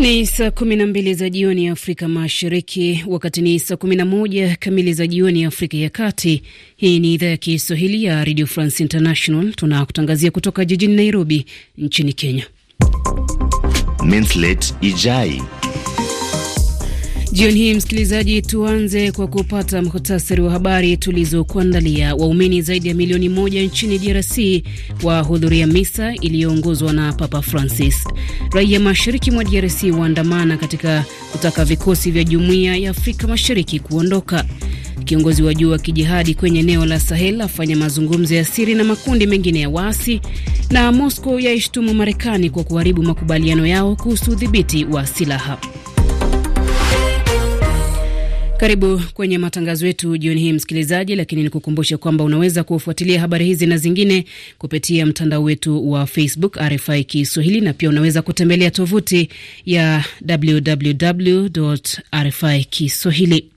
Ni saa kumi na mbili za jioni ya Afrika Mashariki, wakati ni saa kumi na moja kamili za jioni ya Afrika ya Kati. Hii ni idhaa ya Kiswahili ya Radio France International, tunakutangazia kutoka jijini Nairobi nchini Kenya. Mintlet Ijai Jioni hii msikilizaji, tuanze kwa kupata muhtasari wa habari tulizokuandalia. Waumini zaidi ya milioni moja nchini DRC wahudhuria misa iliyoongozwa na Papa Francis. Raia mashariki mwa DRC waandamana katika kutaka vikosi vya jumuiya ya Afrika Mashariki kuondoka. Kiongozi wa juu wa kijihadi kwenye eneo la Sahel afanya mazungumzo ya siri na makundi mengine ya waasi. Na Moscow yaishtumu Marekani kwa kuharibu makubaliano yao kuhusu udhibiti wa silaha. Karibu kwenye matangazo yetu jioni hii msikilizaji, lakini nikukumbushe kwamba unaweza kufuatilia habari hizi na zingine kupitia mtandao wetu wa Facebook RFI Kiswahili, na pia unaweza kutembelea tovuti ya www RFI Kiswahili.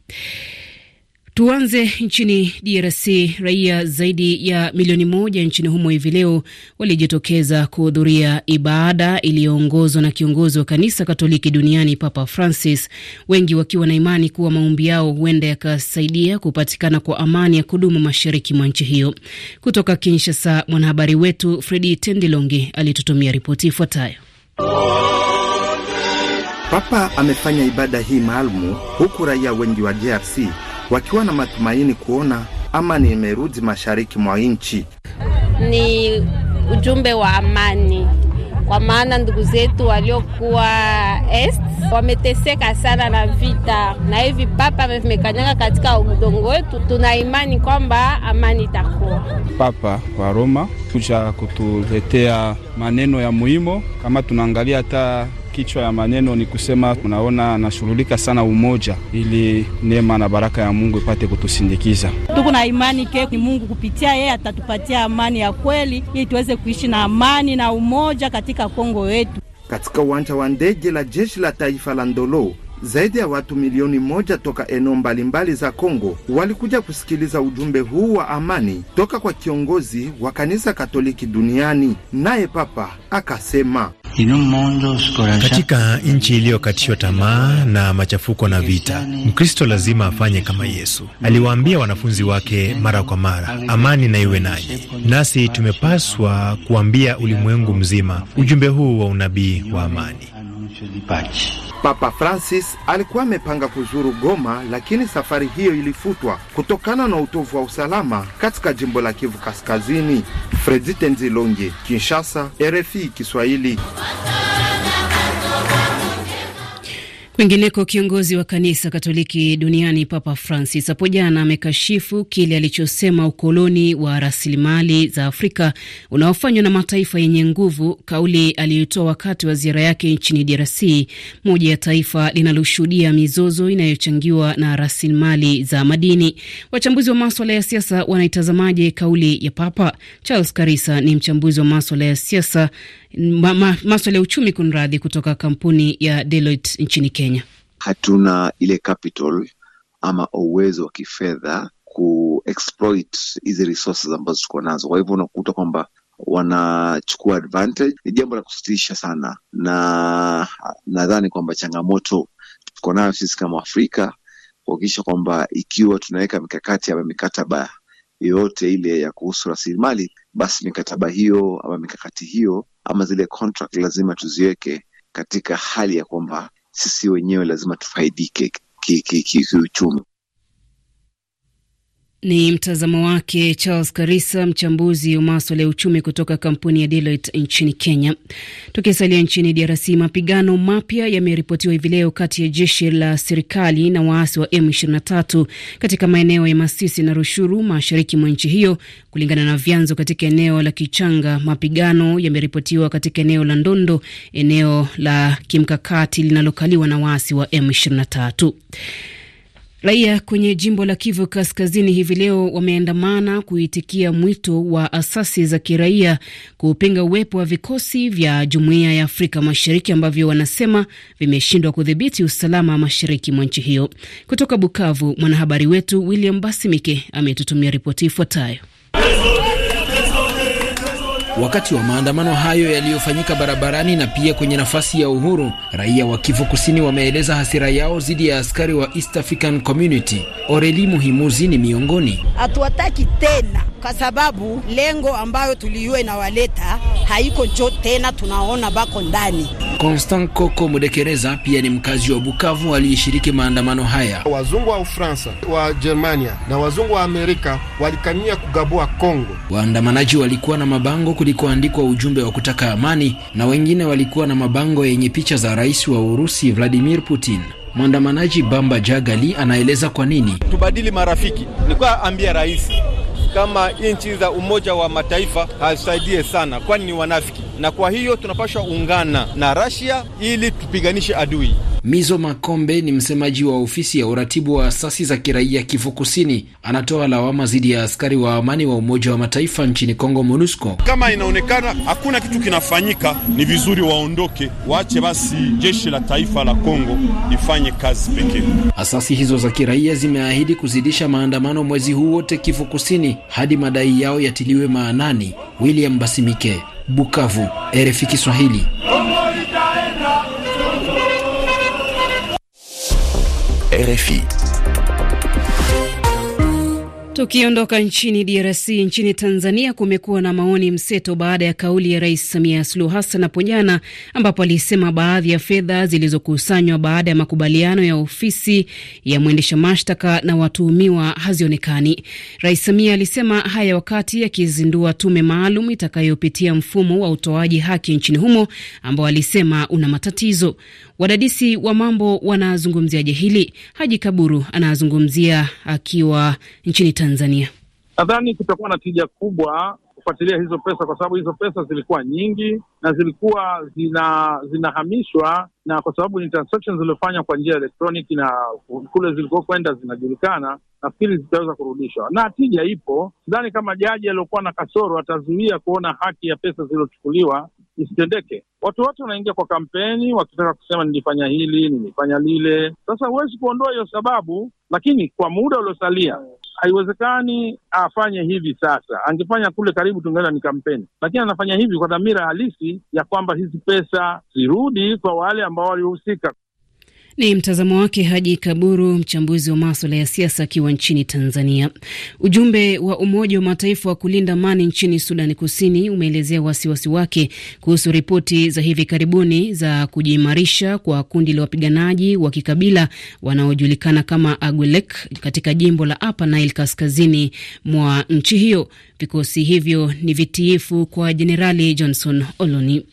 Tuanze nchini DRC. Raia zaidi ya milioni moja nchini humo hivi leo walijitokeza kuhudhuria ibada iliyoongozwa na kiongozi wa kanisa Katoliki duniani Papa Francis, wengi wakiwa na imani kuwa maombi yao huenda yakasaidia kupatikana kwa amani ya kudumu mashariki mwa nchi hiyo. Kutoka Kinshasa, mwanahabari wetu Fredi Tendilonge alitutumia ripoti ifuatayo. Papa amefanya ibada hii maalumu huku raia wengi wa DRC wakiwa na matumaini kuona amani imerudi mashariki mwa nchi. Ni ujumbe wa amani, kwa maana ndugu zetu waliokuwa est wameteseka sana na vita, na hivi papa vimekanyaga katika udongo wetu. Tuna imani kwamba amani itakuwa. Papa wa Roma kuja kutuletea maneno ya muhimu, kama tunaangalia hata Kichwa ya maneno ni kusema tunaona anashughulika sana umoja, ili neema na baraka ya Mungu ipate kutusindikiza. Tuko na imani ke ni Mungu kupitia yeye atatupatia amani ya kweli, ili tuweze kuishi na amani na umoja katika Kongo yetu. Katika uwanja wa ndege la jeshi la taifa la Ndolo, zaidi ya watu milioni moja toka eneo mbalimbali za Kongo walikuja kusikiliza ujumbe huu wa amani toka kwa kiongozi wa kanisa Katoliki duniani, naye Papa akasema katika nchi iliyokatishwa tamaa na machafuko na vita, Mkristo lazima afanye kama Yesu aliwaambia wanafunzi wake mara kwa mara, amani na iwe nanyi. Nasi tumepaswa kuambia ulimwengu mzima ujumbe huu wa unabii wa amani. Papa Francis alikuwa amepanga kuzuru Goma, lakini safari hiyo ilifutwa kutokana na utovu wa usalama katika jimbo la Kivu Kaskazini. Fredi Tenzilonge, Kinshasa, RFI Kiswahili. Kwingineko, kiongozi wa kanisa Katoliki duniani Papa Francis hapo jana amekashifu kile alichosema ukoloni wa rasilimali za Afrika unaofanywa na mataifa yenye nguvu, kauli aliyotoa wakati wa ziara yake nchini DRC, moja ya taifa linaloshuhudia mizozo inayochangiwa na rasilimali za madini. Wachambuzi wa maswala ya siasa wanaitazamaje kauli ya Papa? Charles Karisa ni mchambuzi wa maswala ya siasa ma, ma, maswala ya uchumi kunradhi, kutoka kampuni ya Deloitte nchini Kenya. Hatuna ile capital ama uwezo wa kifedha exploit hizi resources ambazo tuko nazo, kwa hivyo unakuta kwamba wanachukua advantage. Ni jambo la kusitisha sana, na nadhani kwamba changamoto tuko nayo sisi kama Afrika kuhakikisha kwamba ikiwa tunaweka mikakati ama mikataba yoyote ile ya kuhusu rasilimali, basi mikataba hiyo ama mikakati hiyo ama zile contract lazima tuziweke katika hali ya kwamba sisi wenyewe lazima tufaidike kiuchumi ki, ki, ki, ni mtazamo wake Charles Karisa, mchambuzi wa maswala ya uchumi kutoka kampuni ya Deloitte nchini Kenya. Tukisalia nchini DRC, mapigano mapya yameripotiwa hivi leo kati ya jeshi la serikali na waasi wa M23 katika maeneo ya Masisi na Rushuru, mashariki mwa nchi hiyo. Kulingana na vyanzo katika eneo la Kichanga, mapigano yameripotiwa katika eneo la Ndondo, eneo la kimkakati linalokaliwa na waasi wa M23. Raia kwenye jimbo la Kivu Kaskazini hivi leo wameandamana kuitikia mwito wa asasi za kiraia kupinga uwepo wa vikosi vya Jumuiya ya Afrika Mashariki ambavyo wanasema vimeshindwa kudhibiti usalama mashariki mwa nchi hiyo. Kutoka Bukavu, mwanahabari wetu William Basimike ametutumia ripoti ifuatayo. Wakati wa maandamano hayo yaliyofanyika barabarani na pia kwenye nafasi ya Uhuru, raia wa Kivu Kusini wameeleza hasira yao dhidi ya askari wa East African Community. Oreli Muhimuzi ni miongoni. Hatuwataki tena kwa sababu lengo ambayo tuliyo inawaleta haiko njo tena, tunaona bako ndani. Constant Koko Mudekereza pia ni mkazi wa Bukavu aliyeshiriki maandamano haya. Wazungu wa Ufaransa, wa Germania na wazungu wa Amerika walikania kugabua Kongo. Waandamanaji walikuwa na mabango kulikoandikwa ujumbe wa kutaka amani, na wengine walikuwa na mabango yenye picha za rais wa Urusi Vladimir Putin. Mwandamanaji Bamba Jagali anaeleza kwa nini tubadili marafiki. Nilikuwa ambia rais kama nchi za Umoja wa Mataifa hasaidie sana, kwani ni wanafiki na kwa hiyo tunapashwa ungana na Russia ili tupiganishe adui. Mizo Makombe ni msemaji wa ofisi ya uratibu wa asasi za kiraia Kivu Kusini, anatoa lawama dhidi ya askari wa amani wa Umoja wa Mataifa nchini Kongo, MONUSCO. Kama inaonekana hakuna kitu kinafanyika, ni vizuri waondoke, waache basi jeshi la taifa la Kongo lifanye kazi pekee. Asasi hizo za kiraia zimeahidi kuzidisha maandamano mwezi huu wote Kivu Kusini hadi madai yao yatiliwe maanani. William Basimike, Bukavu, RFI Kiswahili. RFI Tukiondoka nchini DRC, nchini Tanzania kumekuwa na maoni mseto baada ya kauli ya Rais Samia Suluhu Hassan hapo jana, ambapo alisema baadhi ya fedha zilizokusanywa baada ya makubaliano ya ofisi ya mwendesha mashtaka na watuhumiwa hazionekani. Rais Samia alisema haya wakati akizindua tume maalum itakayopitia mfumo wa utoaji haki nchini humo ambao alisema una matatizo. Wadadisi wa mambo wanazungumziaje hili? Haji Kaburu anazungumzia akiwa nchini Tanzania. Tanzania? Nadhani kutakuwa na tija kubwa kufuatilia hizo pesa, kwa sababu hizo pesa zilikuwa nyingi na zilikuwa zina zinahamishwa, na kwa sababu ni transactions zilizofanywa kwa njia ya elektroniki na kule zilikokwenda kwenda zinajulikana, nafikiri zitaweza kurudishwa na tija ipo. Sidhani kama jaji aliyokuwa na kasoro atazuia kuona haki ya pesa zilizochukuliwa isitendeke. Watu wote wanaingia kwa kampeni wakitaka kusema nilifanya hili, nilifanya lile. Sasa huwezi kuondoa hiyo sababu, lakini kwa muda uliosalia haiwezekani afanye hivi sasa. Angefanya kule karibu anajaribu tungana ni kampeni, lakini anafanya hivi kwa dhamira halisi ya kwamba hizi pesa zirudi kwa wale ambao walihusika. Ni mtazamo wake Haji Kaburu, mchambuzi wa maswala ya siasa akiwa nchini Tanzania. Ujumbe wa Umoja wa Mataifa wa kulinda amani nchini Sudani Kusini umeelezea wasiwasi wake kuhusu ripoti za hivi karibuni za kujiimarisha kwa kundi la wapiganaji wa kikabila wanaojulikana kama Agwelek katika jimbo la Upper Nile kaskazini mwa nchi hiyo. Vikosi hivyo ni vitiifu kwa Jenerali Johnson Oloni.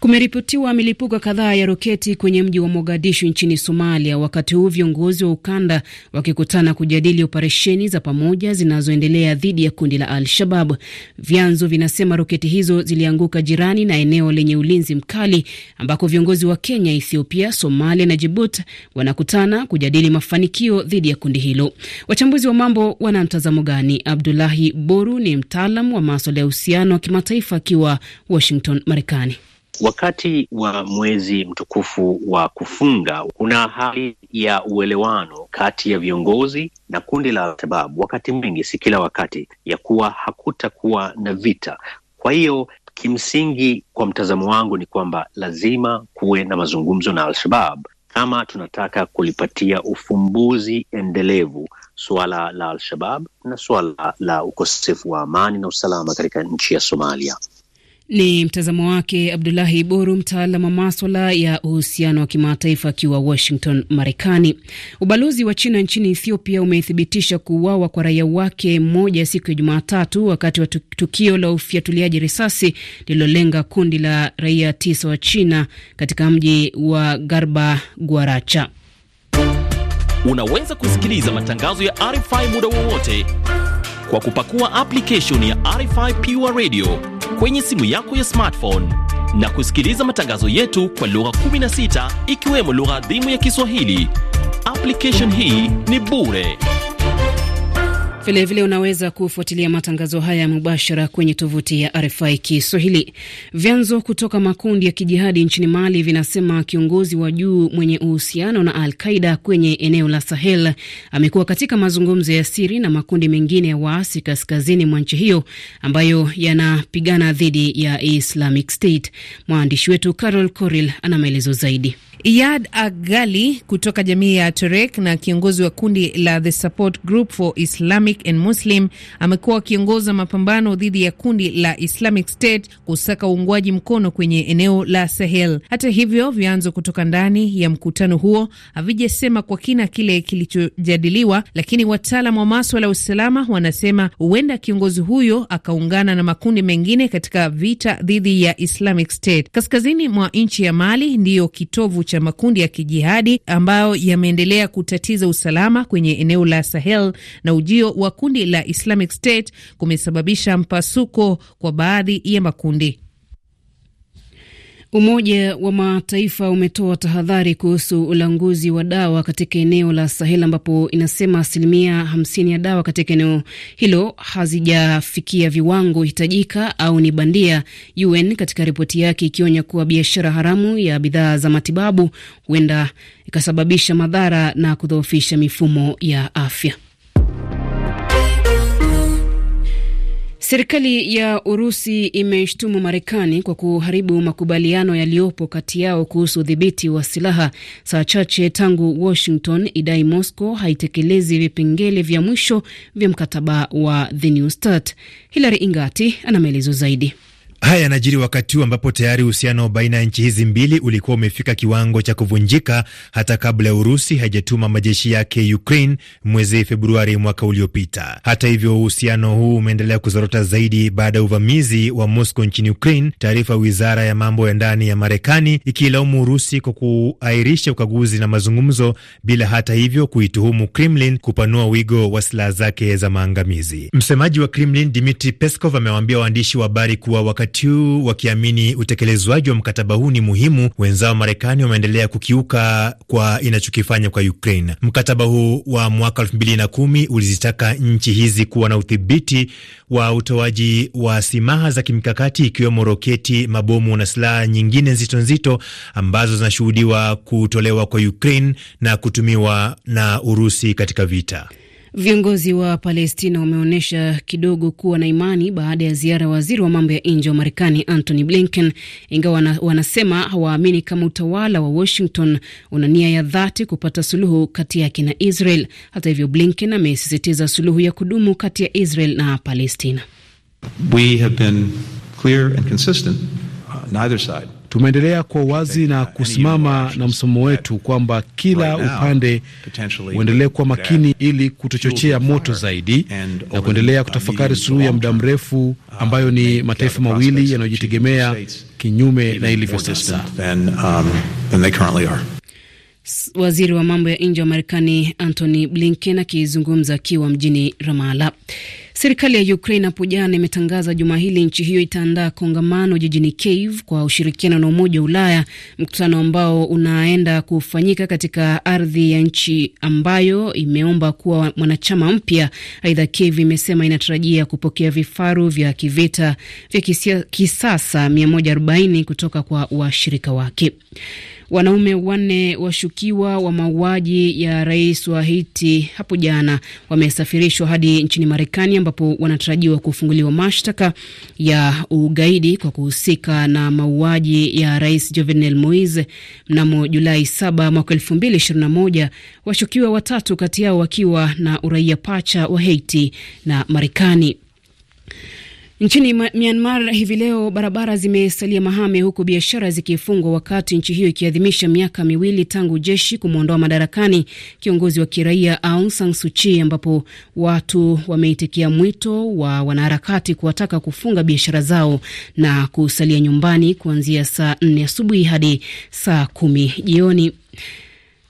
Kumeripotiwa milipuko kadhaa ya roketi kwenye mji wa Mogadishu nchini Somalia, wakati huu viongozi wa ukanda wakikutana kujadili operesheni za pamoja zinazoendelea dhidi ya kundi la Al-Shabab. Vyanzo vinasema roketi hizo zilianguka jirani na eneo lenye ulinzi mkali ambako viongozi wa Kenya, Ethiopia, Somalia na jibut wanakutana kujadili mafanikio dhidi ya kundi hilo. Wachambuzi wa mambo wana mtazamo gani? Abdulahi Boru ni mtaalam wa maswala ya uhusiano wa kimataifa akiwa Washington, Marekani. Wakati wa mwezi mtukufu wa kufunga kuna hali ya uelewano kati ya viongozi na kundi la al-shabab wakati mwingi, si kila wakati, ya kuwa hakutakuwa na vita. Kwa hiyo kimsingi, kwa mtazamo wangu, ni kwamba lazima kuwe na mazungumzo na Al-Shabab kama tunataka kulipatia ufumbuzi endelevu suala la Al-Shabab na suala la ukosefu wa amani na usalama katika nchi ya Somalia. Ni mtazamo wake Abdulahi Boru, mtaalam wa maswala ya uhusiano wa kimataifa akiwa Washington, Marekani. Ubalozi wa China nchini Ethiopia umethibitisha kuuawa kwa raia wake mmoja siku ya Jumatatu wakati wa tukio la ufyatuliaji risasi lililolenga kundi la raia tisa wa China katika mji wa Garba Guaracha. Unaweza kusikiliza matangazo ya RFI muda wowote kwa kupakua application ya RFI Pure Radio kwenye simu yako ya smartphone na kusikiliza matangazo yetu kwa lugha 16 ikiwemo lugha adhimu ya Kiswahili. Application hii ni bure. Vilevile vile unaweza kufuatilia matangazo haya mubashara kwenye tovuti ya RFI Kiswahili. Vyanzo kutoka makundi ya kijihadi nchini Mali vinasema kiongozi wa juu mwenye uhusiano na Al Qaida kwenye eneo la Sahel amekuwa katika mazungumzo ya siri na makundi mengine ya waasi kaskazini mwa nchi hiyo ambayo yanapigana dhidi ya Islamic State. Mwandishi wetu Carol Coril ana maelezo zaidi. Iyad Agali kutoka jamii ya torek na kiongozi wa kundi la The Support Group for Islamic and Muslim amekuwa akiongoza mapambano dhidi ya kundi la Islamic State kusaka uungwaji mkono kwenye eneo la Sahel. Hata hivyo, vyanzo kutoka ndani ya mkutano huo havijasema kwa kina kile kilichojadiliwa, lakini wataalam wa maswala ya usalama wanasema huenda kiongozi huyo akaungana na makundi mengine katika vita dhidi ya Islamic State. Kaskazini mwa nchi ya Mali ndiyo kitovu cha makundi ya kijihadi ambayo yameendelea kutatiza usalama kwenye eneo la Sahel na ujio wa kundi la Islamic State kumesababisha mpasuko kwa baadhi ya makundi. Umoja wa Mataifa umetoa tahadhari kuhusu ulanguzi wa dawa katika eneo la Sahel ambapo inasema asilimia hamsini ya dawa katika eneo hilo hazijafikia viwango hitajika au ni bandia, UN katika ripoti yake ikionya kuwa biashara haramu ya bidhaa za matibabu huenda ikasababisha madhara na kudhoofisha mifumo ya afya. Serikali ya Urusi imeshtumu Marekani kwa kuharibu makubaliano yaliyopo kati yao kuhusu udhibiti wa silaha, saa chache tangu Washington idai Moscow haitekelezi vipengele vya mwisho vya mkataba wa The New START. Hilary Ingati ana maelezo zaidi. Haya yanajiri wakati huu ambapo tayari uhusiano baina ya nchi hizi mbili ulikuwa umefika kiwango cha kuvunjika hata kabla ya Urusi haijatuma majeshi yake Ukraine mwezi Februari mwaka uliopita. Hata hivyo, uhusiano huu umeendelea kuzorota zaidi baada ya uvamizi wa Moscow nchini Ukraine, taarifa ya wizara ya mambo ya ndani ya Marekani ikiilaumu Urusi kwa kuahirisha ukaguzi na mazungumzo bila hata hivyo kuituhumu Kremlin kupanua wigo wa silaha zake za maangamizi. Msemaji wa Kremlin Dmitri Peskov amewaambia waandishi wa habari kuwa wakati wakati huu wakiamini utekelezwaji wa mkataba huu ni muhimu, wenzao Marekani wameendelea kukiuka kwa inachokifanya kwa Ukraine. Mkataba huu wa mwaka elfu mbili na kumi ulizitaka nchi hizi kuwa na udhibiti wa utoaji wa silaha za kimkakati ikiwemo roketi, mabomu na silaha nyingine nzito nzito ambazo zinashuhudiwa kutolewa kwa Ukraine na kutumiwa na Urusi katika vita. Viongozi wa Palestina wameonyesha kidogo kuwa na imani baada ya ziara ya waziri wa mambo ya nje wa Marekani Antony Blinken, ingawa wana, wanasema hawaamini kama utawala wa Washington una nia ya dhati kupata suluhu kati yake na Israel. Hata hivyo, Blinken amesisitiza suluhu ya kudumu kati ya Israel na Palestina. We have been clear and consistent uh, side. Tumeendelea kwa uwazi na kusimama na msimamo wetu kwamba kila upande uendelee kuwa makini ili kutochochea moto zaidi na kuendelea kutafakari suluhu ya muda mrefu uh, ambayo ni mataifa mawili yanayojitegemea kinyume na ilivyo sasa. Um, waziri wa mambo ya nje wa Marekani Antony Blinken akizungumza akiwa mjini Ramala. Serikali ya Ukraine hapo jana imetangaza juma hili nchi hiyo itaandaa kongamano jijini Kiev kwa ushirikiano na Umoja wa Ulaya, mkutano ambao unaenda kufanyika katika ardhi ya nchi ambayo imeomba kuwa mwanachama mpya. Aidha, Kiev imesema inatarajia kupokea vifaru vya kivita vya kisasa 140 kutoka kwa washirika wake. Wanaume wanne washukiwa wa mauaji ya rais wa Haiti hapo jana wamesafirishwa hadi nchini Marekani ambapo wanatarajiwa kufunguliwa mashtaka ya ugaidi kwa kuhusika na mauaji ya rais Jovenel Moise mnamo Julai 7 mwaka 2021, washukiwa watatu kati yao wakiwa na uraia pacha wa Haiti na Marekani. Nchini Myanmar hivi leo barabara zimesalia mahame, huku biashara zikifungwa, wakati nchi hiyo ikiadhimisha miaka miwili tangu jeshi kumwondoa madarakani kiongozi wa kiraia Aung San Suu Kyi, ambapo watu wameitikia mwito wa wanaharakati kuwataka kufunga biashara zao na kusalia nyumbani kuanzia saa nne asubuhi hadi saa kumi jioni.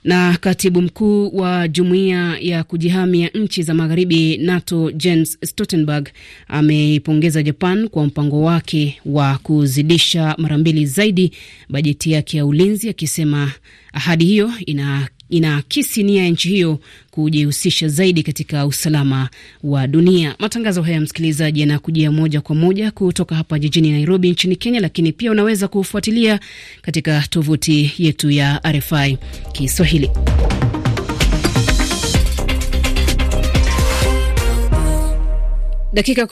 Na katibu mkuu wa jumuiya ya kujihami ya nchi za magharibi NATO Jens Stoltenberg ameipongeza Japan kwa mpango wake wa kuzidisha mara mbili zaidi bajeti yake ya ulinzi, akisema ahadi hiyo ina inaakisi nia ya nchi hiyo kujihusisha zaidi katika usalama wa dunia. Matangazo haya msikilizaji, yanakujia moja kwa moja kutoka hapa jijini Nairobi nchini Kenya, lakini pia unaweza kufuatilia katika tovuti yetu ya RFI Kiswahili. Dakika